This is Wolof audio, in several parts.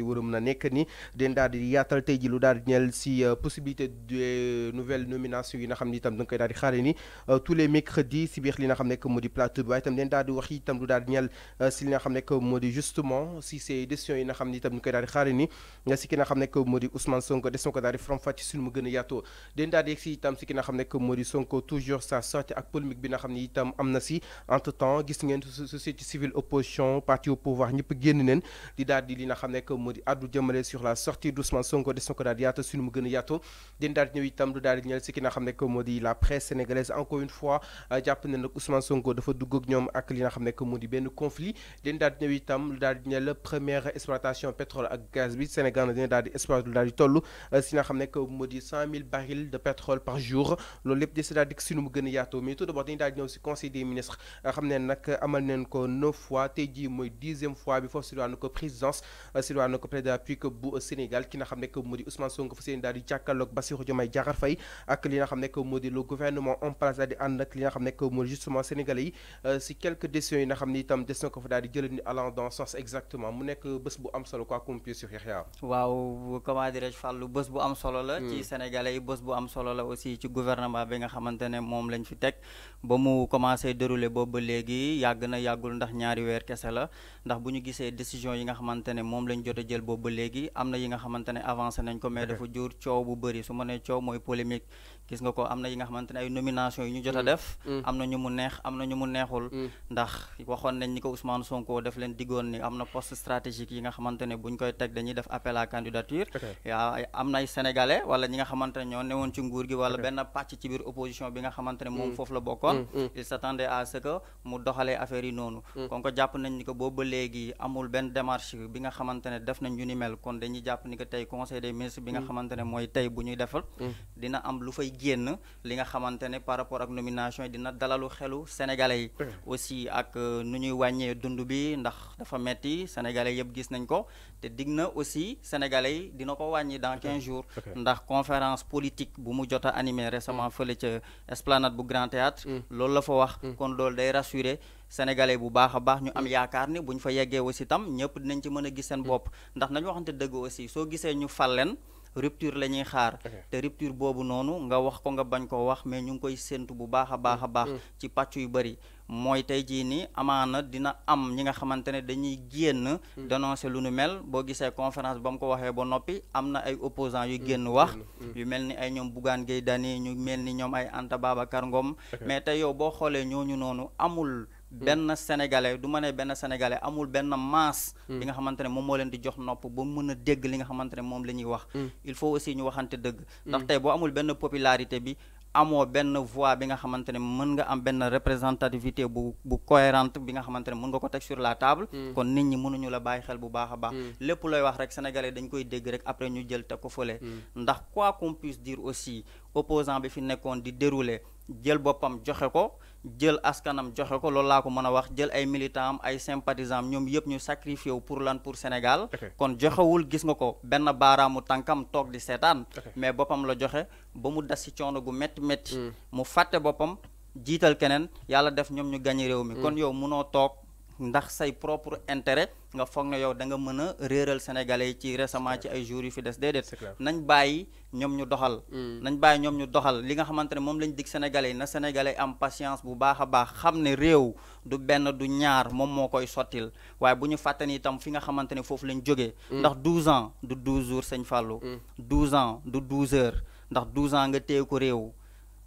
di warum na nekk ni den daal di yaatal tey ji lu daal di ñeel si euh, possibilité de euh, nouvelles nominations yi nga xam ne itam da daal di xaare ni euh, nga si li nga xam ne itam ñu koy Sonko des na ko daal di faram-fàcce suñu mu gën a yaatoo den daal di si itam si ki nga xam nekk moo di Sonko toujours sa sortie ak polémique bi nga xam ne itam am na si entre temps gis ngeen société civile opposition parti au pouvoir ñëpp génn neen di daal di li nga xam nekk moo di addu jëmale sur la sortie d'Ousmane Sonko des na ko daal di yaata suñu mu gën a yaatu daal di ñëw itam lu daal di ñëw si ki nga di la presse sénégalaise encore une fois euh, jàpp ne nag Ousmane Sonko dafa dugg ak di benn conflit din daal di ñëw itam lu daal di ñëw première exploitation pétrole ak gaz bi Sénégal na daal di exploité lu daal di toll euh, si nga xam ne que moo di de pétrole par jour loolu lépp di si daal di suñu mu gën a mais tout d'abord dañu daal ko président puis que bu Sénégal ki nga xam ne que moo di Ousmane Sonko fa seen daal di ak li nga xam ne que moo di en place daal di ànd ak xam ne que justement sénégalais yi euh, si quelques décisions yi nga xam ne itam des na ko fa daal di jël ni allant dans sens exactement mu nekk bés bu am solo la ci hmm. sénégalais yi bés bu am solo la aussi ci gouvernement bi nga xamante moom lañ fi teg ba mu commencé déroulé boobu léegi yàgg na yàggul ndax ñaari weer kese la jël boobu ba léegi am na yi nga xamante ne avancé nañ ko mais dafa jur coow bu bëri su ma nee coow mooy polémique gis nga ko am na yi nga xamante ne ay nomination yu ñu jot a mm. def mm. am na ñu mu neex am na ñu mu neexul mm. ndax waxoon nañ ni ko Ousmane Sonko def leen diggoon ni am na poste stratégique yi nga xamante ne buñ koy teg dañuy def appel à candidature yaa am nay sénégalais wala ñi nga xamante ne ñoo newoon ci nguur gi walla benn pàcc ci biir opposition bi nga xamante ne moom foofu la bokkoon il s'attendait à ce que mu doxalee affaire yi noonu kon ko jàpp nañ ni ko boobu ba léegi amul benn démarche bi nga xamante ne def nañ ñu ni mel kon dañuy jàpp ni ko tey conseil des ministres bi nga xamante ne mooy tey bu ñuy defal génn li nga xamante ne par rapport ak nomination yi dina dalalu xelu sénégalais yi aussi ak euh, nu ñuy wàññee dund bi ndax dafa metti sénégalais yëpp gis nañ ko te dig na aussi sénégalais yi dina ko wàññi dans quinze jours ndax conférence politique bu mu jot a animé récemment mm. fële ca esplanade bu grand théâtre mm. loolu la fa wax mm. kon loolu day rassurer sénégalais bu baax a baax ñu am yaakaar ni buñ fa yeggee aussi tam ñëpp dinañ ci mën a gis seen bopp ndax nañu waxante rupture la ñuy xaar te rupture boobu noonu nga wax ko nga bañ koo wax mais ñu ngi koy séentu bu baax a baax a mm. baax mm. ci pàcc yu bëri mooy tey jii nii amaana dina am ñi nga xamante ne dañuy génn mm. dénoncer lu nu mel boo gisee conférence ba mu ko waxee ba noppi am na ay opposants yu génn wax yu mel ni ay ñoom Bougane Gueye Dany ñu mel ni ñoom ay Anta Babacar Ngom mais tey yow boo xoolee ñooñu noonu amul benn sénégalais du ma ne benn sénégalais amul benn masse. Hmm. bi nga xamante ne moom moo leen di jox nopp ba mën a dégg li nga xamante ne moom la ñuy wax. Hmm. il faut aussi ñu waxante dëgg. Hmm. ndax boo amul benn popularité bi. amoo benn voix bi nga xamante ne mën nga am benn représentativité bu bu cohérente bi nga xamante ne mën nga ko teg sur la table kon nit ñi mënuñu la bàyyi xel bu baax a baax lépp looy wax rek sénégalais dañ koy dégg rek après ñu jël te ko fële ndax quoi qu'on puisse dire aussi opposant bi fi nekkoon di dérouler jël boppam joxe ko jël askanam joxe ko loolu laa ko mën a wax jël ay militant ay sympathisant am ñoom yëpp ñu sacrifié wu pour lan pour Sénégal. kon joxewul gis nga ko benn baaraamu tànkam toog di seetaan. mais boppam la joxe ba mu das ci coono gu métti métti. Hmm. mu fàtte boppam jiital keneen yàlla def ñoom ñu gañe réew mi. Hmm. kon yow mënoo toog. ndax say propre intérêt nga foog na yow da nga mën a réeral sénégalais yi ci récemment ci ay jours yu fi des déedéet nañ bàyyi ñoom ñu doxal mm. nañ bàyyi ñoom ñu doxal li nga xamante ne moom lañ dig sénégale yi na sénégalais am patience bu baax a baax xam ne réew du benn du ñaar moom moo koy sottil waaye bu ñu fàttani itam fi nga xamante ne foofu lañ jógee mm. ndax 12 ans du 12 jours sañ Fallou 12 mm. ans du 12 heures ndax 12 ans nga téye ko réew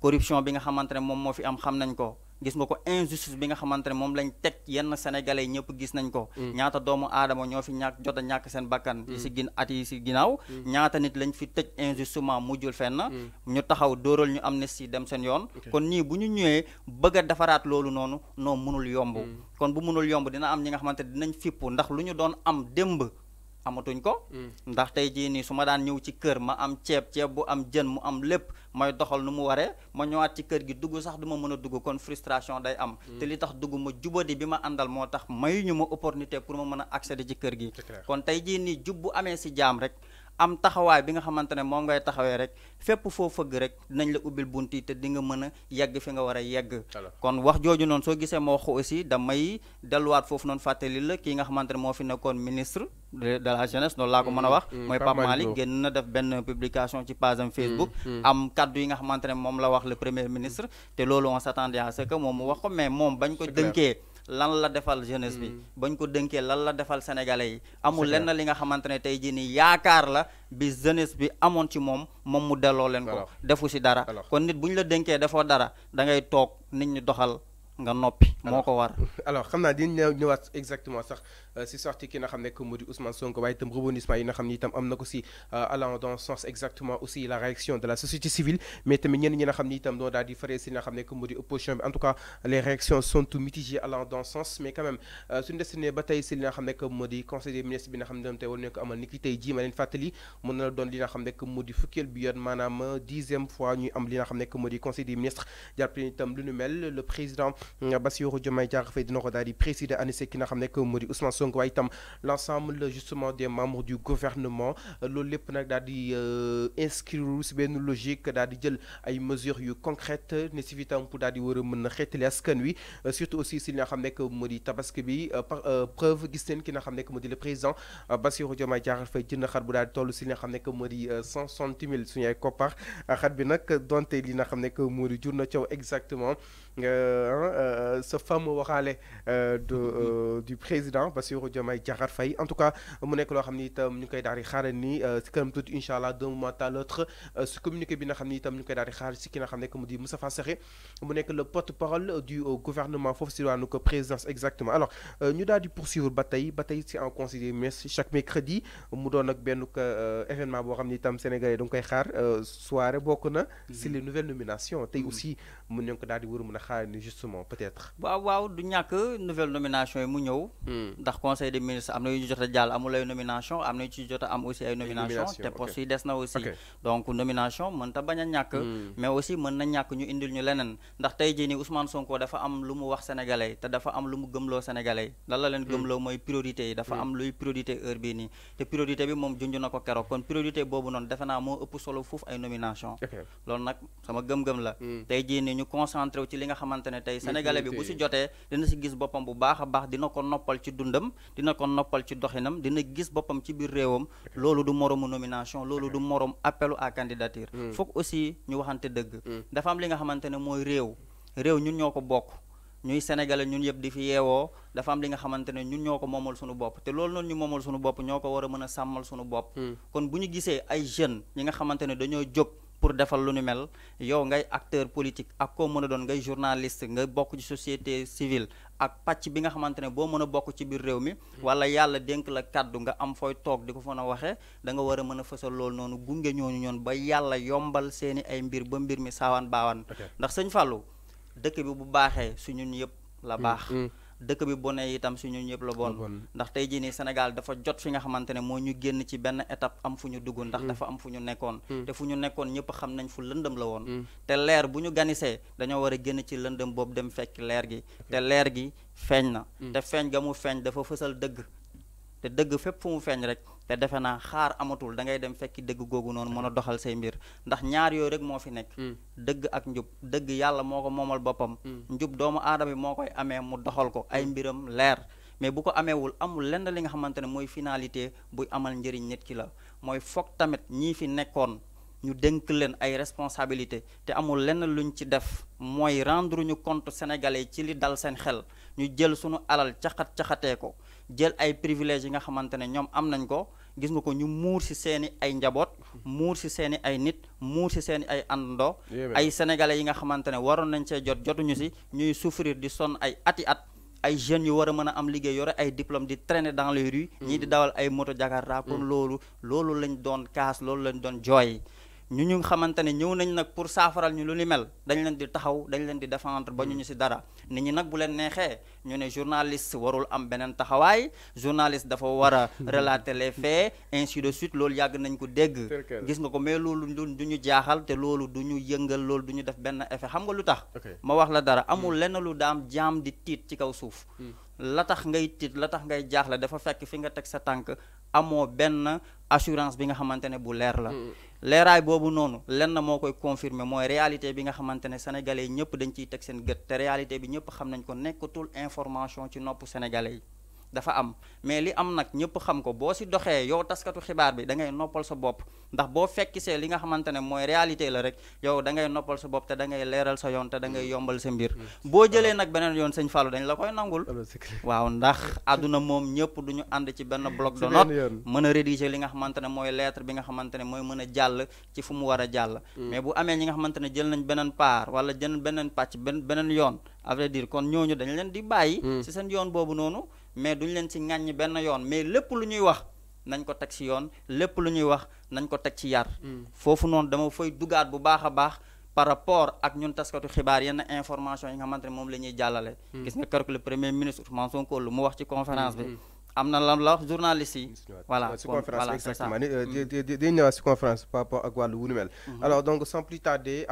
corruption bi nga xamante ne moom moo fi am xam nañ ko gis nga ko injustice bi nga xamante ne moom lañ teg yenn sénégale yi ñëpp gis nañ ko mm. ñaata doomu aadama ñoo fi ñàkk jot ñàkk seen bakkan yi si gin at yi si ginnaaw mm. ñaata nit lañ fi tëj injustement mujjul fenn mm. ñu taxaw dóoral ñu am ne amnistie dem seen yoon kon nii bu ñu ñëwee bëgg a defaraat loolu noonu noo mënul yomb kon bu mënul yomb dina am ñi nga xamante ne dinañ fippu ndax lu ñu doon am démb amatuñ ko. Mm. ndax tey jii nii su ma daan ñëw ci kër ma am ceeb ceeb bu am jën mu am lépp may doxal nu mu waree ma ñëwaat ci kër gi dugg sax du ma mën a dugg kon frustration day am. Mm. te li tax dugg ma di bi ma àndal moo tax mayuñu ma opportunité pour ma mën a accéder ci kër gi. kon tey jii nii jub bu amee si jaam rek. am taxawaay bi nga xamante ne moom ngay taxawee rek fépp foo fëgg rek nañ la ubbil bunt yi te di nga mën a yegg fi nga war a yegg kon wax jooju noonu soo gisee ma wax ko aussi damay delluwaat foofu noonu fàttali la kii nga xamante ne moo fi nekkoon ministre de la jeunesse noonu laa ko mën a mm-hmm. wax mm-hmm. mooy Pape Malick génn na def benn publication ci page am Facebook mm-hmm. am kaddu yi nga xamante ne moom la wax la premier ministre te loolu on s'attendait à ce que moom mu wax mais moom bañ ko dënkee lan la defal jeunesse bi ba mm. bañ ko dënkee lan la defal sénégalais yi amul lenn li nga xamante ne tey jii nii yaakaar la bi jeunesse bi amoon ci moom moom mu delloo leen ko defu si dara kon nit bu ñu la dënkee defoo dara da ngay toog nit ñi doxal nga noppi moo ko war alors xam naa dinañ ñëwaat exactement sax Euh, si sorti ki nga xam nekk mu di Ousmane Sonko waaye itam rebondissement yi nga xam ni itam am na ko si euh, allant dans sens exactement aussi la réaction de la société civile mais tamit ñenn ñi nga xam ni itam doo daal di faree si li nga xam nekk mu euh, conseil des ministres bi na xam nekk mu fukkeel bi yoon maanaam dixième fois ñuy am li nga xam nekk mu di conseil des ministres jàpp itam lu ñu mel le président Bassirou Diomaye Diakhar Faye dina ko daal di présider Sonko waaye itam l' ensemble justement de membres du gouvernement euh, loolu lépp nag daal di euh, inscrire si benn logique daal di jël ay mesures yu concrètes ne si fi tam pour daal di war a mën a xeetali askan wi euh, surtout aussi si li nga xam nekk moo di tabaski bi par preuve gis neen ki nga xam nekk moo di le président Bassirou Diomaye Diakhar Faye jënd xar bu daal di toll si li nga xam nekk moo di cent soixante suñu ay koppar xar bi nag donte li nga xam nekk moo di jur na coow exactement Euh, sa fameux waxaale euh, de mm-hmm. euh, du président Bassirou Diomaye Diakhar Faye en tout cas mu nekk loo xam ni itam ñu koy daal di xaaral ni si kanam tuuti incha allah d'un moment à bi nga xam ni itam ñu koy daal di xaar si ki na xam ne mu di Moustapha Sarré mu nekk le porte-parole du gouvernement foofu si waanu ko présidence exactement alors ñu daal di poursuivre ba tey ba tey si en conseil mais chaque mercredi mu doon ak benn événement boo xam ni itam sénégalais da nga koy xaar soirée bokk na si mm-hmm. les nouvelles nominations tey mm-hmm. aussi mu nekk ko daal di a xaar ni justement peut-être. waaw waaw du ñàkk nouvelle nomination yi mu ñëw. Hmm. ndax conseil des ministres am na yu ñu jot a jàll amul ay nomination am na yu jot a am ay nomination te poste yi des na aussi. donc nomination mën ta bañ a ñàkk. Hmm. mais aussi mën na ñàkk ñu indil ñu leneen ndax tey jii nii Ousmane Sonko dafa am lu mu wax sénégalais te dafa am lu mu gëmloo sénégalais lan la leen hmm. gëmloo mooy priorité yi dafa am luy priorité heure bi nii te priorité bi moom junj na ko keroog kon priorité boobu noonu defe naa moo ëpp solo foofu la nga xamante ne tey sénégalais bi bu si jotee dina si gis boppam bu baax a baax dina ko noppal ci dundam dina ko noppal ci doxinam dina gis boppam ci biir réewam loolu du moromu nomination loolu du morom appelu à candidature hmm. foog aussi ñu waxante dëgg hmm. dafa am li nga xamante ne mooy réew réew ñun ñoo ko bokk ñuy sénégale ñun yëpp di fi yeewoo dafa am li nga xamante ne ñun ñoo ko moomal sunu bopp te loolu noonu ñu moomal suñu bopp ñoo ko war a mën a sàmmal suñu bopp hmm. pour defal lu ñu mel yow ngay acteur politique ak koo mën a doon ngay journaliste nga bokk ci société civile ak pàcc bi nga xamante ne boo mën a bokk ci biir réew mi wala yàlla dénk la kàddu nga am fooy toog di ko mën a waxee da nga war a mën a fësal loolu noonu gunge ñooñu ñoon ba yàlla yombal seeni ay mbir ba mbir mi saawaan baawaan ndax sëñ Fallou dëkk bi bu baaxee su ñun yëpp la mm, baax mm. dëkk bi bone itam su ñu ñëpp la bon ndax tey jii nii Sénégal dafa jot fi nga xamante ne moo ñu génn ci benn étape am fu ñu dugg ndax mm. dafa am fu ñu nekkoon mm. te fu ñu nekkoon ñëpp xam nañ fu lëndëm la woon mm. te leer bu ñu ganisee dañoo war a génn ci lëndëm boobu dem fekk leer gi te leer gi feeñ na te feeñ ga mu feeñ dafa fësal dëgg te dëgg fépp fu mu feeñ rek te defe naa xaar amatul da ngay dem fekki dëgg googu noonu mën a doxal say mbir ndax ñaar yooyu rek moo fi nekk hmm. dëgg ak njub dëgg yàlla moo ko moomal boppam hmm. njub doomu aadama bi moo koy amee mu doxal ko ay hmm. mbiram leer mais bu ko ameewul amul lenn li nga xamante ne mooy finalité buy amal njëriñ nit ki la mooy foog tamit ñii fi nekkoon ñu dënk leen ay responsabilité te amul lenn lu ñu ci def mooy rendre ñu compte sénégalais ci li dal seen xel ñu jël sunu alal caxat-caxatee ko jël ay privilèges yi nga xamante ne ñoom am nañ ko gis nga ko ñu muur si seeni ay njaboot muur si seeni ay nit muur si seeni ay àndandoo ay sénégalais yi nga xamante ne waroon nañ see jot jotuñu si ñuy souffrir di sonn ay ati at ay jeunes yu war a mën a am liggéey yore ay diplôme di traîner dans les rues ñii di mm. dawal ay moto jakarta kon mm. loolu loolu lañ doon kaas loolu lañ doon jooy ñu ñu xamante ne ñëw nañ nag pour saafaral ñu lu ni mel dañ leen di taxaw dañ leen di défendre ba ñu ñu si dara nit ñi nag bu leen neexee ñu ne journaliste warul am beneen taxawaay journaliste dafa war a relater les faits ainsi de suite loolu yàgg nañ ko dégg gis nga ko mais loolu du ñu jaaxal te loolu du ñu yëngal loolu du ñu def benn effet xam nga lu tax ma wax la dara hmm. amul lenn lu daam jaam di tiit ci kaw suuf hmm. la tax ngay tiit la tax ngay jaaxle dafa fekk fi nga teg sa tànk amoo benn assurance bi nga xamante ne bu leer la. leeraay boobu noonu lenn moo koy confirmer mooy réalité bi nga xamante ne sénégalais yi ñëpp dañ ciy teg seen gët te réalité bi ñëpp xam nañ ko nekkatul information ci nopp sénégalais yi. dafa am mais li am nag ñëpp xam ko boo si doxee yow taskatu xibaar bi da ngay noppal sa bopp ndax boo fekkisee li nga xamante ne mooy réalité la rek yow da ngay noppal sa bopp te da ngay leeral sa yoon te da ngay mm. yombal sa mbir mm. boo jëlee nag beneen yoon sañ Fallou dañ la koy nangul waaw ndax àdduna moom ñëpp du ñu ànd ci benn bloc de note mën a rédiger li nga xamante ne mooy lettre bi nga xamante ne mooy mën a jàll ci fu mu war a jàll mm. mais bu amee ñi nga xamante ne jël nañ beneen paar wala jël beneen pàcc beneen yoon à kon ñooñu dañ leen di bàyyi ci seen yoon boobu noonu mais duñ leen ci ŋàññi benn yoon mais lépp lu ñuy wax nañ ko teg ci yoon lépp lu ñuy wax nañ ko teg ci yar. Mm. foofu noonu dama fay dugaat bu baax a baax par rapport ak ñun taskatu xibaar yenn information yi nga ne moom la ñuy jàllale. Mm. gis nga keroog le premier ministre Ousmane Sonko lu mu wax ci conférence bi. Mm. am na lan la wax journaliste yi. voilà si conférence exactement ni euh, par rapport ak wàllu wu nu mel. alors donc sans plus tarder